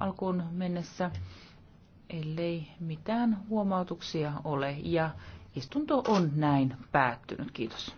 alkuun mennessä, ellei mitään huomautuksia ole. Ja istunto on näin päättynyt. Kiitos.